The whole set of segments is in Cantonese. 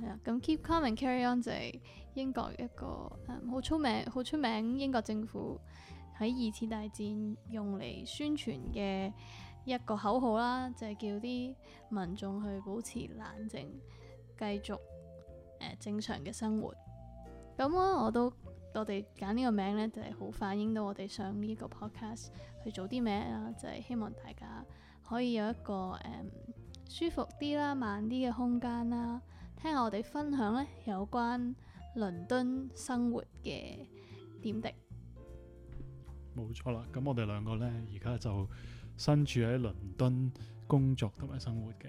係啊，咁、yeah, keep calm and carry on 就係英國一個誒好、um, 出名、好出名英國政府喺二次大戰用嚟宣傳嘅一個口號啦，就係、是、叫啲民眾去保持冷靜，繼續誒、uh, 正常嘅生活。咁啊，我都我哋揀呢個名咧，就係、是、好反映到我哋上呢一個 podcast 去做啲咩啦，就係、是、希望大家可以有一個誒、um, 舒服啲啦、慢啲嘅空間啦。聽下我哋分享咧，有關倫敦生活嘅點滴。錯。冇錯啦，咁我哋兩個咧，而家就身處喺倫敦工作同埋生活嘅，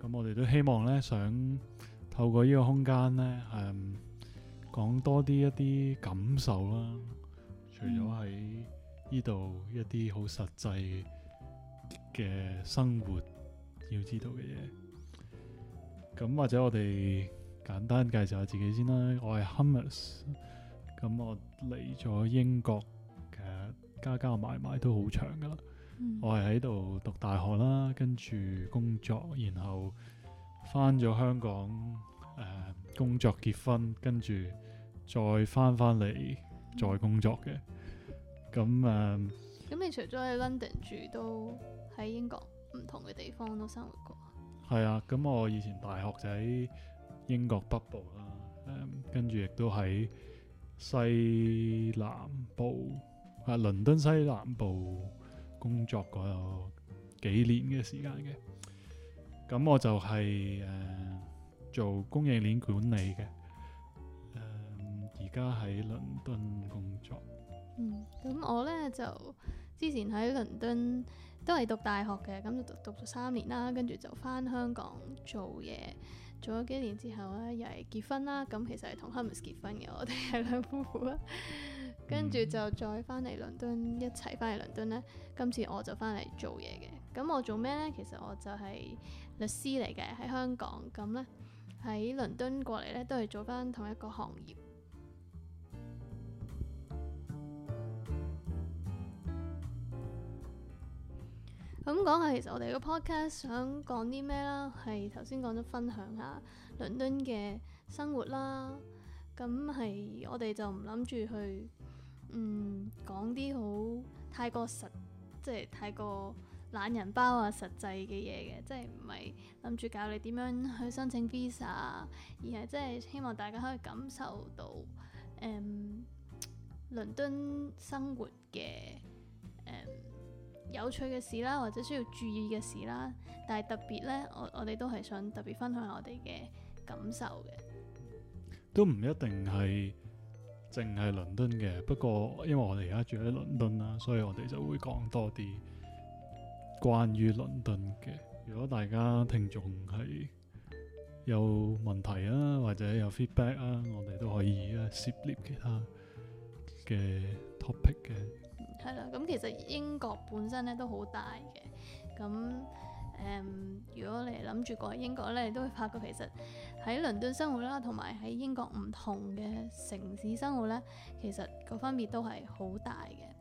咁我哋都希望咧，想透過呢個空間咧，誒、嗯，講多啲一啲感受啦，除咗喺呢度一啲好實際嘅生活要知道嘅嘢。咁或者我哋簡單介紹下自己先啦，我係 Hummus，咁我嚟咗英國其實加加埋埋都好長噶啦，我係喺度讀大學啦，跟住工作，然後翻咗香港誒工作結婚，跟住再翻翻嚟再工作嘅，咁誒，咁你除咗喺 London 住，都喺英國唔同嘅地方都生活過。係啊，咁我以前大學就喺英國北部啦，跟住亦都喺西南部啊，倫敦西南部工作過幾年嘅時間嘅，咁我就係、是、誒、呃、做供應鏈管理嘅，而家喺倫敦工作。嗯，咁我呢，就之前喺倫敦。都係讀大學嘅，咁讀讀咗三年啦，跟住就翻香港做嘢，做咗幾年之後咧，又係結婚啦。咁其實係同 Hermes 結婚嘅，我哋係兩夫婦啦。跟 住就再翻嚟倫敦，一齊翻嚟倫敦咧。今次我就翻嚟做嘢嘅，咁我做咩咧？其實我就係律師嚟嘅，喺香港咁咧，喺倫敦過嚟咧，都係做翻同一個行業。咁講下其實我哋個 podcast 想講啲咩啦？係頭先講咗分享下倫敦嘅生活啦。咁係我哋就唔諗住去，嗯，講啲好太過實，即係太過懶人包啊實際嘅嘢嘅，即係唔係諗住教你點樣去申請 visa，而係即係希望大家可以感受到，誒、嗯、倫敦生活嘅誒。嗯有趣嘅事啦，或者需要注意嘅事啦，但係特別咧，我我哋都係想特別分享下我哋嘅感受嘅。都唔一定係淨係倫敦嘅，不過因為我哋而家住喺倫敦啦，所以我哋就會講多啲關於倫敦嘅。如果大家聽眾係有問題啊，或者有 feedback 啊，我哋都可以啊，涉獵其他嘅 topic 嘅。係啦，咁其實英國本身咧都好大嘅。咁誒、嗯，如果你諗住過去英國咧，你都會發覺其實喺倫敦生活啦，同埋喺英國唔同嘅城市生活咧，其實個分別都係好大嘅。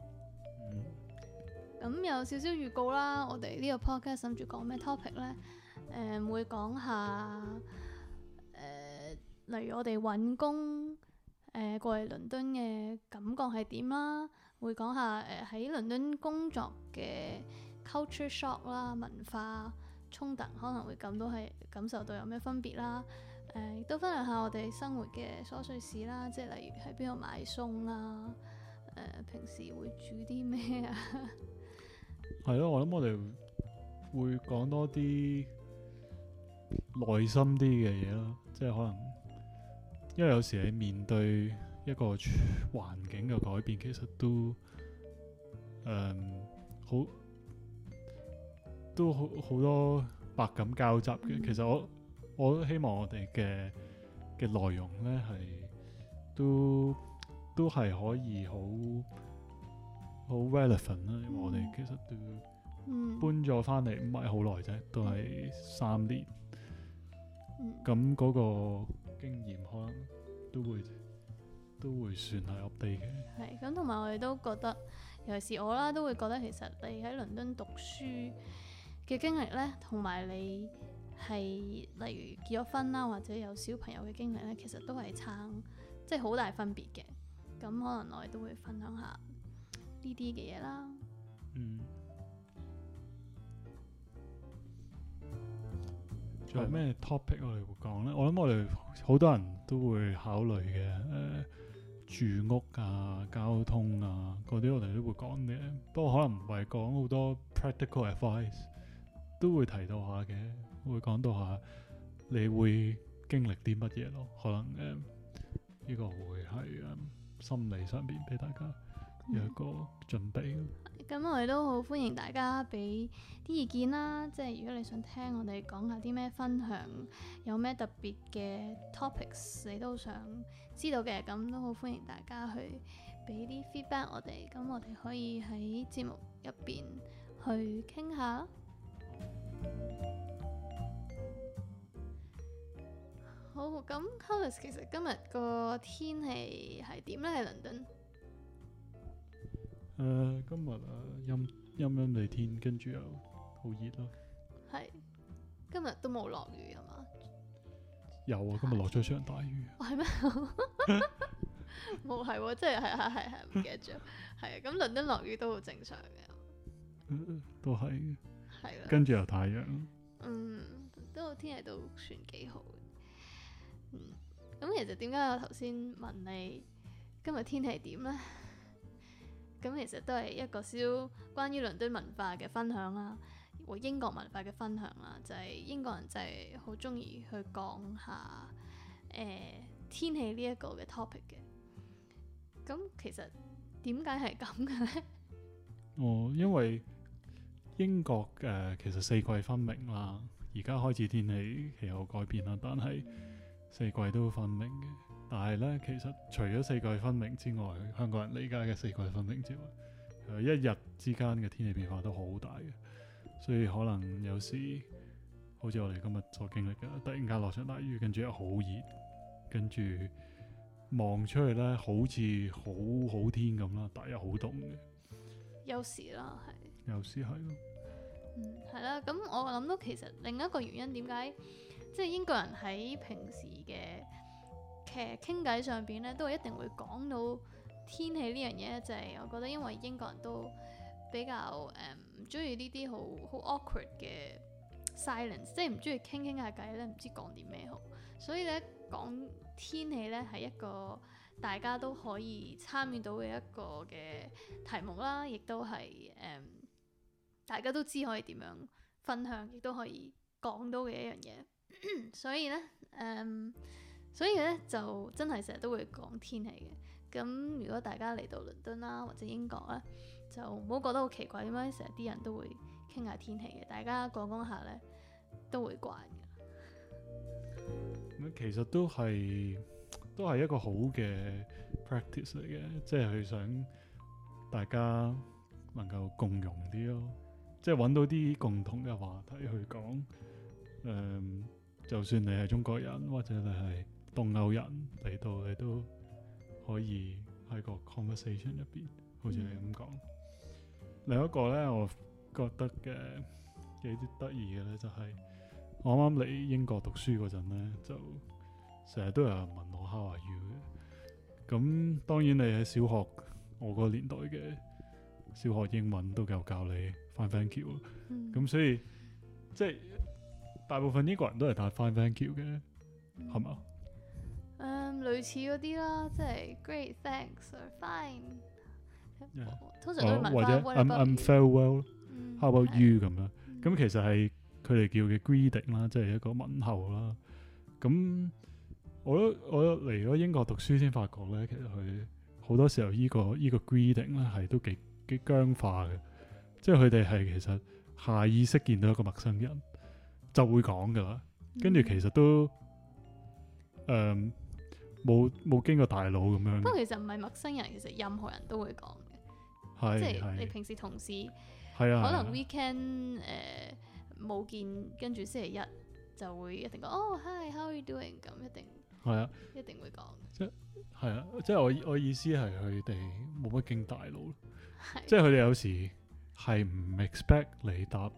咁、嗯、有少少預告啦，我哋呢個 podcast 諗住講咩 topic 咧？誒、呃，會講下誒、呃，例如我哋搵工誒、呃，過嚟倫敦嘅感覺係點啦。會講下誒喺、呃、倫敦工作嘅 culture shock 啦，文化衝突可能會感到係感受到有咩分別啦。誒、呃、亦都分享下我哋生活嘅瑣碎事啦，即係例如喺邊度買餸啊、呃，平時會煮啲咩啊。係 咯，我諗我哋會講多啲內心啲嘅嘢咯，即係可能因為有時係面對。一個環境嘅改變，其實都誒好都好好多百感交集嘅。其實我我都希望我哋嘅嘅內容咧，係都都係可以好好 relevant 啦。我哋其實都搬咗翻嚟唔係好耐啫，都係三年。咁嗰個經驗可能都會。都會算係 update 嘅，係咁、嗯，同埋我哋都覺得，尤其是我啦，都會覺得其實你喺倫敦讀書嘅經歷咧，同埋你係例如結咗婚啦，或者有小朋友嘅經歷咧，其實都係差，即係好大分別嘅。咁可能我哋都會分享下呢啲嘅嘢啦。嗯。仲有咩 topic 我哋會講咧？的我諗我哋好多人都會考慮嘅，誒、呃。住屋啊、交通啊嗰啲，我哋都會講嘅。不過可能唔係講好多 practical advice，都會提到下嘅。會講到下你會經歷啲乜嘢咯。可能誒呢、嗯這個會係、嗯、心理上面畀大家。有一個準備。咁我哋都好歡迎大家俾啲意見啦，即係如果你吧想聽我哋講下啲咩分享，有咩特別嘅 topics 你都想知道嘅，咁都好歡迎大家去俾啲 feedback 我哋，咁我哋可以喺節目入邊去傾下。好，咁 Colin 其實今日個天氣係點咧？喺倫敦。誒、uh, 啊，今日啊陰陰陰地天，跟住又好熱咯。係今日都冇落雨啊嘛？有啊，陽今日落咗一場大雨。係咩？哦？冇係，即係係係係唔記得咗。係啊，咁倫敦落雨都好正常嘅。都係係啦。跟住又太陽。嗯，都、嗯、個天氣都算幾好。咁、嗯、其實點解我頭先問你今日天氣點咧？咁其實都係一個少關於倫敦文化嘅分享啦，和英國文化嘅分享啦，就係、是、英國人就係好中意去講下誒、呃、天氣呢一個嘅 topic 嘅。咁其實點解係咁嘅咧？哦，因為英國誒、呃、其實四季分明啦，而家開始天氣氣候改變啦，但係四季都會分明嘅。但係咧，其實除咗四季分明之外，香港人理解嘅四季分明之外，呃、一日之間嘅天氣變化都好大嘅，所以可能有時好似我哋今日所經歷嘅，突然間落上大雨，跟住又好熱，跟住望出去咧，好似好好天咁啦，但又好凍嘅，有時啦係，有時係咯，嗯，係啦。咁我諗到其實另一個原因，點解即係英國人喺平時嘅。其實傾偈上邊咧，都係一定會講到天氣呢樣嘢咧，就係、是、我覺得，因為英國人都比較誒唔中意呢啲好好 awkward 嘅 silence，即係唔中意傾傾下偈咧，唔、um, 知講啲咩好。所以咧講天氣咧，係一個大家都可以參與到嘅一個嘅題目啦，亦都係誒、um, 大家都知可以點樣分享，亦都可以講到嘅一樣嘢。 所以咧誒。Um, 所以咧就真係成日都會講天氣嘅，咁如果大家嚟到倫敦啦或者英國咧，就唔好覺得好奇怪點解成日啲人都會傾下天氣嘅，大家講講下咧都會慣嘅。其實都係都係一個好嘅 practice 嚟嘅，即係佢想大家能夠共融啲咯，即係揾到啲共同嘅話題去講。誒、嗯，就算你係中國人或者你係。東歐人嚟到你都可以喺個 conversation 入邊，好似你咁講。嗯、另一個咧，我覺得嘅幾啲得意嘅咧，就係、是、我啱啱嚟英國讀書嗰陣咧，就成日都有人問我 how are you 嘅。咁當然你喺小學，我嗰個年代嘅小學英文都夠教你翻 fine thank you 咁，所以即係、就是、大部分英國人都係打翻 fine thank you 嘅，係咪、嗯類似嗰啲啦，即係 great thanks or fine。通常都問翻我哋。或者 I'm I'm farewell。How about you 咁樣咁？其實係佢哋叫嘅 greeting 啦，即係一個問候啦。咁我我嚟咗英國讀書先發覺咧，其實佢好多時候依個依個 greeting 咧，係都幾幾僵化嘅，即係佢哋係其實下意識見到一個陌生人就會講㗎啦。跟住其實都誒。冇冇經過大腦咁樣。不過其實唔係陌生人，其實任何人都會講嘅。是是即係你平時同事，係啊，可能 weekend 誒、呃、冇見，跟住星期一就會一定講，哦是、啊 oh，hi，how are you doing？咁一定係是啊，一定會講。即係係啊，即係我我意思係佢哋冇乜經大腦咯。即係佢哋有時係唔 expect 你答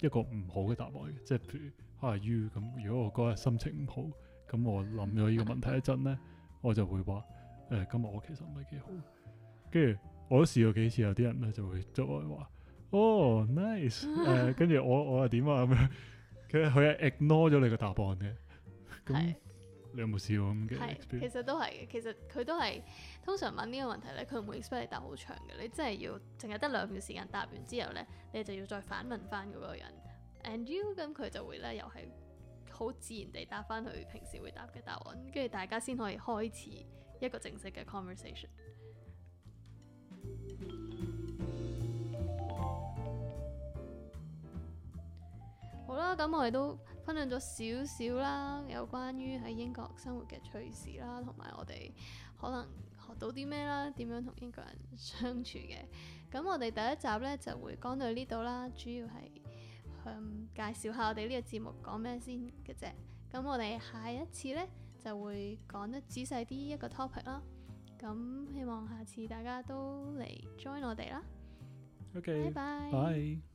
一個唔好嘅答案嘅。即係譬如 how are you 咁，如果我嗰日心情唔好。咁、嗯、我諗咗呢個問題一陣咧，我就會話，誒、欸，今日我其實唔係幾好，跟住我都試過幾次，有啲人咧就會就話，哦，nice，誒、啊呃，跟住我我又點啊咁樣，佢佢係 ignore 咗你個答案嘅，咁、嗯、是你有冇試過咁嘅？其實都係嘅，其實佢都係通常問呢個問題咧，佢唔會 expect 你答好長嘅，你真係要淨係得兩秒時間答完之後咧，你就要再反問翻嗰個人，And you，咁佢就會咧又係。好自然地答翻佢平時會答嘅答案，跟住大家先可以開始一個正式嘅 conversation。好啦，咁我哋都分享咗少少啦，有關於喺英國生活嘅趣事啦，同埋我哋可能學到啲咩啦，點樣同英國人相處嘅。咁我哋第一集呢，就會講到呢度啦，主要係。向、嗯、介紹下我哋呢個節目講咩先嘅啫，咁我哋下一次呢就會講得仔細啲一,一個 topic 啦，咁希望下次大家都嚟 join 我哋啦。OK，拜拜 bye。